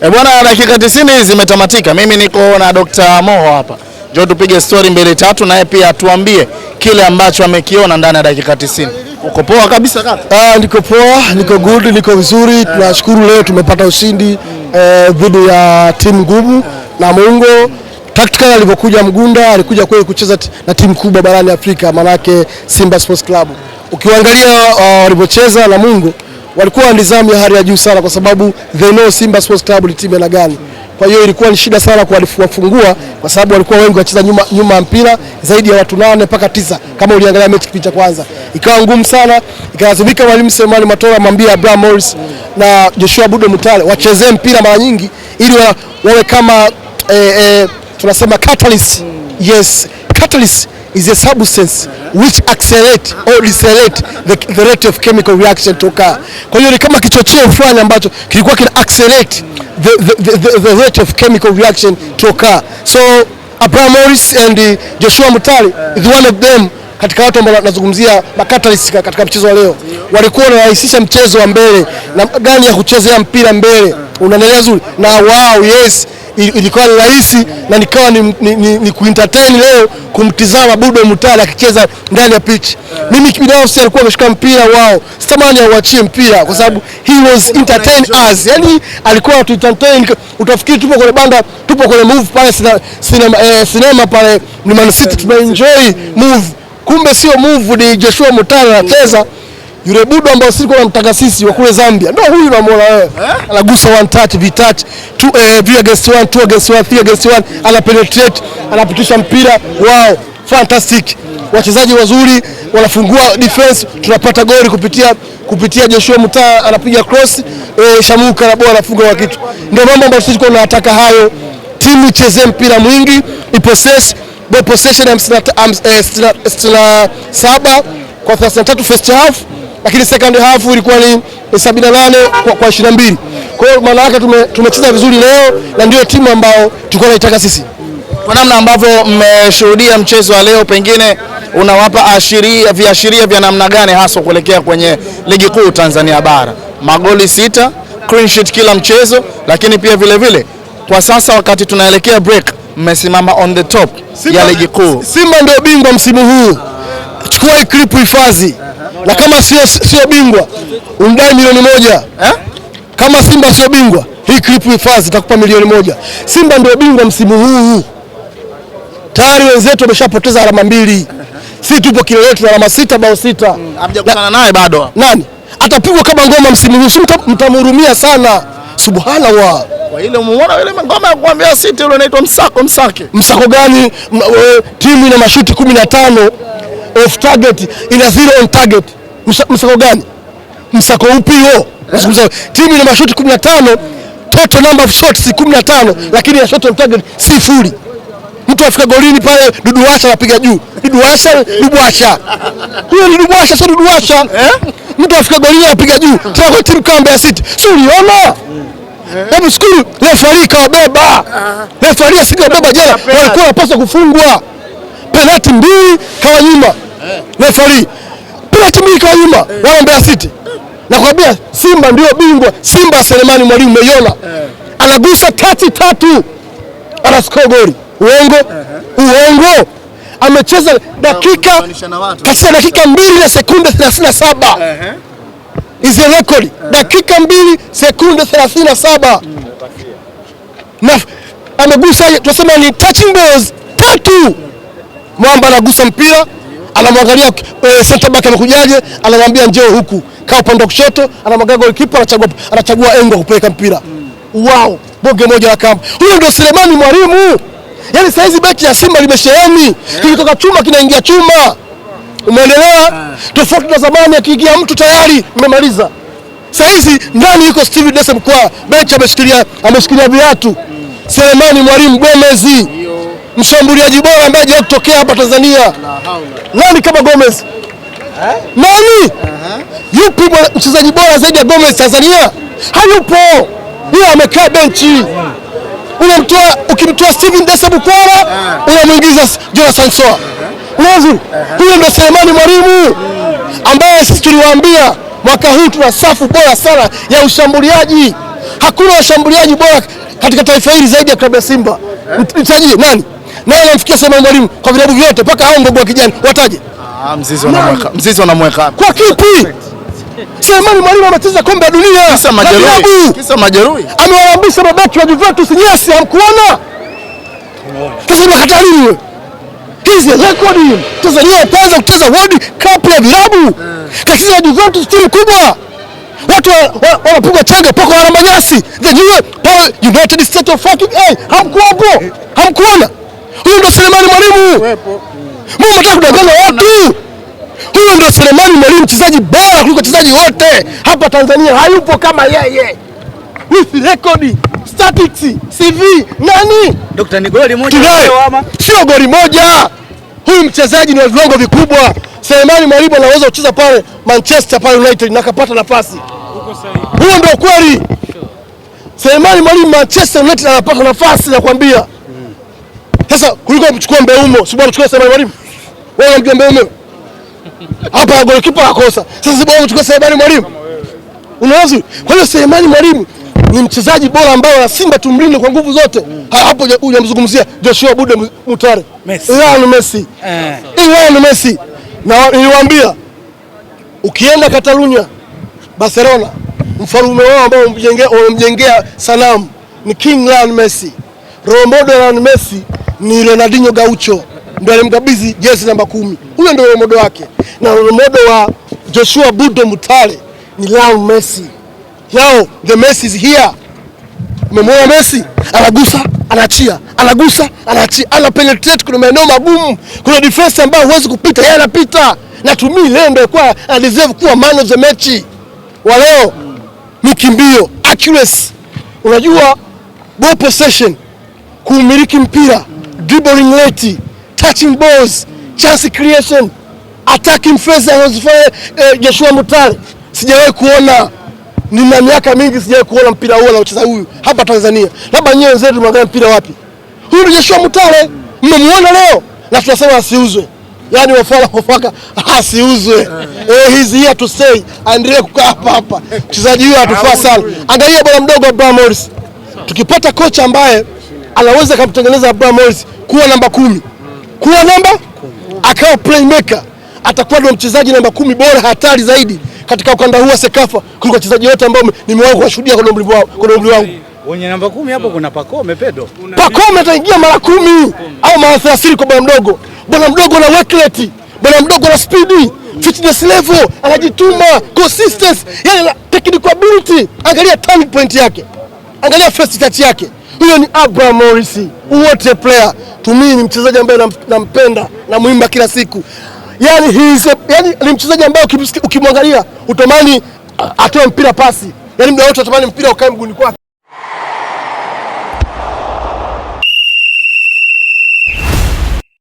E bwana, dakika 90 zimetamatika. Mimi niko na Dr. Moho hapa, njoo tupige stori mbili tatu, naye pia atuambie kile ambacho amekiona ndani ya dakika 90. Uko poa kabisa kaka? Ah, niko poa, niko good, niko vizuri. Eh. Tunashukuru leo tumepata ushindi eh, dhidi eh, ya timu ngumu na Mungo Tactical alivyokuja Mgunda alikuja kweli kucheza na timu kubwa barani Afrika, manake Simba Sports Club. Ukiangalia ah, walivyocheza uh, na Mungo walikuwa nizamu ya hali ya juu sana, kwa sababu they know Simba Sports Club ni timu ya gani. Kwa hiyo ilikuwa ni shida sana kuwafungua, kwa sababu walikuwa wengi wacheza nyuma, nyuma mpira zaidi ya watu nane mpaka tisa, kama uliangalia mechi kipindi cha kwanza ikawa ngumu sana, ikalazimika mwalimu Selemani Matola amwambia Abraham Morris na Joshua Budo Mutale wachezee mpira mara nyingi ili wawe kama eh, eh, tunasema catalyst. Yes, catalyst is a substance which accelerate or decelerate the, the rate of chemical reaction to occur. Kwa hiyo ni kama kichocheo fulani ambacho kilikuwa kina accelerate the, the, the, the rate of chemical reaction to occur. So Abraham Morris and Joshua Mutale is one of them katika watu ambao nazungumzia makatalyst katika mchezo wa leo, walikuwa wanarahisisha mchezo wa mbele na gani ya kuchezea mpira mbele, unaendelea zuri na wow, yes ilikuwa ni rahisi na nikawa ni, ni, ni, ni kuentertain leo kumtizama Budo Mutale akicheza ndani ya pitch. Mimi kibinafsi alikuwa ameshika mpira wao, sitamani auachie mpira kwa sababu he was entertain us, yani alikuwa tu entertain, utafikiri tupo kwenye banda, tupo kwenye move pale sinema, eh, sinema pale Man City enjoy move, kumbe sio move, ni Joshua Mutale anacheza yule budu ambaye sisi kwa tunamtaka sisi wa kule Zambia ndio huyu unamwona wewe. eh? Anagusa one touch, v touch, two eh, eh, v against one, two against one, three against one, ana penetrate, anapitisha mpira. Wow, fantastic. Wachezaji wazuri wanafungua defense, tunapata goli kupitia kupitia Joshua Mutaa anapiga cross, eh, Shamuka na bora anafunga kwa kitu. Ndio mambo ambayo sisi kwa tunataka hayo. Timu icheze mpira mwingi, ipossess, ball possession 57 eh, kwa 33 first half lakini second half ilikuwa ni 78 kwa, kwa 22. Kwa hiyo maana yake tumecheza tume vizuri leo na ndio timu ambayo tulikuwa tunaitaka sisi. Kwa namna ambavyo mmeshuhudia mchezo wa leo, pengine unawapa ashiria viashiria vya namna gani haswa kuelekea kwenye ligi kuu Tanzania bara? Magoli sita, clean sheet kila mchezo, lakini pia vile vile kwa sasa wakati tunaelekea break mmesimama on the top Simba ya ligi kuu. Simba ndio bingwa msimu huu kuwa clip hifadhi na kama sio sio bingwa umdai milioni moja eh? Kama Simba sio bingwa hii clip hifadhi itakupa milioni moja. Simba ndio bingwa msimu huu tayari, wenzetu wameshapoteza alama mbili, si tupo kileleni, tuna alama sita, bao sita. Mm, hamjakutana naye bado. Nani atapigwa kama ngoma msimu huu? Si mtamhurumia sana. Subhanallah. Kwa ile umeona ile ngoma ya kuambia sita ile inaitwa msako msake. Msako gani? Timu ina mashuti kumi na tano off target, ina zero on target. Msako gani? Msako upi huo? Eh. Timu ina mashuti 15, total number of shots 15, lakini ya shot on target sifuri. Mtu afika golini pale, duduasha anapiga juu. Duduasha, duduasha. huyo ni duduasha, sio duduasha. Eh? Mtu afika golini anapiga juu. Tena kwa timu kama Mbeya City. sio uliona? Eh. Hebu shukuru, refa kawabeba. Ah. Refa asikawabeba jela, walikuwa wanapaswa kufungwa penalti mbili kawanyima eh. Refari penalti mbili kawanyima eh. Wao Mbeya City na kwambia Simba ndio bingwa. Simba Selemani Mwalimu umeiona Anagusa tatu tatu anascore goli. Uongo Uongo amecheza dakika katika dakika mbili na sekunde 37 eh. Is a record Dakika mbili sekunde 37 mm. na amegusa tunasema ni touching balls tatu mm. Mwamba anagusa mpira, anamwangalia eh, center back anakujaje, anamwambia njoo huku, kaa upande wa kushoto, anamwangalia goalkeeper, anachagua anachagua engo kupeleka mpira mm. Wow, boge moja la kamba. Huyo ndio Selemani mwalimu. Yaani saizi beki ya Simba limesheheni yeah. Kilitoka chuma kinaingia chuma, Umeendelea? Ah. Tofauti na zamani, akiingia mtu tayari umemaliza. Saizi ndani yuko Steven Dese Mkwa, benchi ameshikilia ameshikilia viatu mm. Selemani mwalimu Gomez mshambuliaji bora ambaye hajawahi kutokea hapa Tanzania nani kama Gomez? Nani uh-huh. yupi mchezaji bora zaidi ya Gomez Tanzania? Hayupo, yeye amekaa benchi. Unamtoa, ukimtoa Steven Dese Bukwala uh-huh. unamuingiza Jonathan Soa, uh-huh. unazuri huyo ndo Selemani Mwalimu hmm. ambaye sisi tuliwaambia mwaka huu tuna safu bora sana ya ushambuliaji. Hakuna washambuliaji bora katika taifa hili zaidi ya klabu ya Simba. Eh? Mtaji nani? nani anamfikia sema mwalimu kwa vilabu vyote mpaka hao mbogo wa kijani wataje? Ah, mzizi wanamweka, mzizi wanamweka kwa kipi? Selemani Mwalimu amecheza kombe la dunia, kisa majeruhi, kisa majeruhi, amewalambisha mabeki wa Juventus nyasi, hamkuona? Tazama ni hatari wewe. Hizi rekodi Tanzania itaanza kucheza World Cup ya vilabu, eh. kacheza Juventus, timu kubwa watu wanapiga wanapigwa chaga paka wanamanyasi, the United States of fucking, hey, hamkuwapo, eh. hamkuona Huyu ndo Selemani Mwalimu. Mungu anataka kudanganya watu. Huyu ndo Selemani Mwalimu, mchezaji bora kuliko wachezaji wote hapa Tanzania, hayupo kama yeye. With record, statistics, CV, nani? Dr. ni goli moja ama sio goli moja? Huyu mchezaji ni wa viwango vikubwa. Selemani Mwalimu anaweza kucheza pale Manchester pale United na akapata nafasi. Huo ndio kweli. Selemani Mwalimu Manchester United anapata nafasi, nakwambia. Sasa kuliko mchukua Mbeumo, si bora mchukua Sema Mwalimu. Wewe unamjua Mbeumo? Hapa golikipa akosa. Sasa si bora mchukue Sema Mwalimu. Unawaza? Kwa hiyo Sema Mwalimu ni mchezaji bora ambaye na Simba tumlinde kwa nguvu zote. Mm. Hapo hujamzungumzia Joshua Bude Mutare. Messi. Leo Messi. Eh. Leo Messi. Na niliwaambia ukienda Katalunya Barcelona mfalume wao ambao wamemjengea sanamu ni King Lionel Messi. Romodo model Lionel Messi ni Ronaldinho Gaucho ndo alimkabidhi jezi namba kumi. Huyo ndo modo wake, na modo wa Joshua Budo Mutale ni Lao Messi. Leo the Messi is here. Umemwona Messi anagusa anaachia anagusa anaachia ana penetrate. Kuna maeneo magumu, kuna defense ambayo huwezi kupita, yeye anapita. Na tumii me leo ndio kwa ana uh, deserve kuwa man of the match wa leo ni kimbio, accuracy. Unajua ball possession, kuumiliki mpira dribbling late, touching balls, chance creation, attacking phase anazofanya eh, Joshua Mutale sijawahi kuona, nina miaka mingi sijawahi kuona mpira huo anaocheza huyu hapa Tanzania. Labda nyewe wenzetu mwangalia mpira wapi? Huyu ni Joshua Mutale, mmemuona leo na tunasema asiuzwe. Yaani wafala wafaka asiuzwe. Eh. eh, he's here to stay. Aendelee kukaa hapa hapa. Mchezaji huyu atufaa sana. Angalia bwana mdogo Abraham Morris. Tukipata kocha ambaye anaweza akamtengeneza Abraham Morris kuwa namba kumi, kuwa namba akawa playmaker, atakuwa ndio mchezaji namba kumi bora hatari zaidi katika ukanda huu wa Sekafa kuliko wachezaji wote ambao nimewahi kuwashuhudia kwa umri wangu. Wenye namba kumi hapo kuna Pakome Pedro. Pakome ataingia mara kumi au mara thelathini kwa bwana mdogo. Bwana mdogo na work rate, bwana mdogo na speed, fitness level, anajituma, consistency, yani technical ability. Angalia turning point yake, angalia first touch yake. Huyo ni Abraham Morris, what a player. Tumii ni mchezaji ambaye nampenda na muimba kila siku. Yani, he is a, yani ni mchezaji ambaye ukimwangalia utamani atoe mpira pasi, yani mda wote utamani mpira ukae mguuni kwake.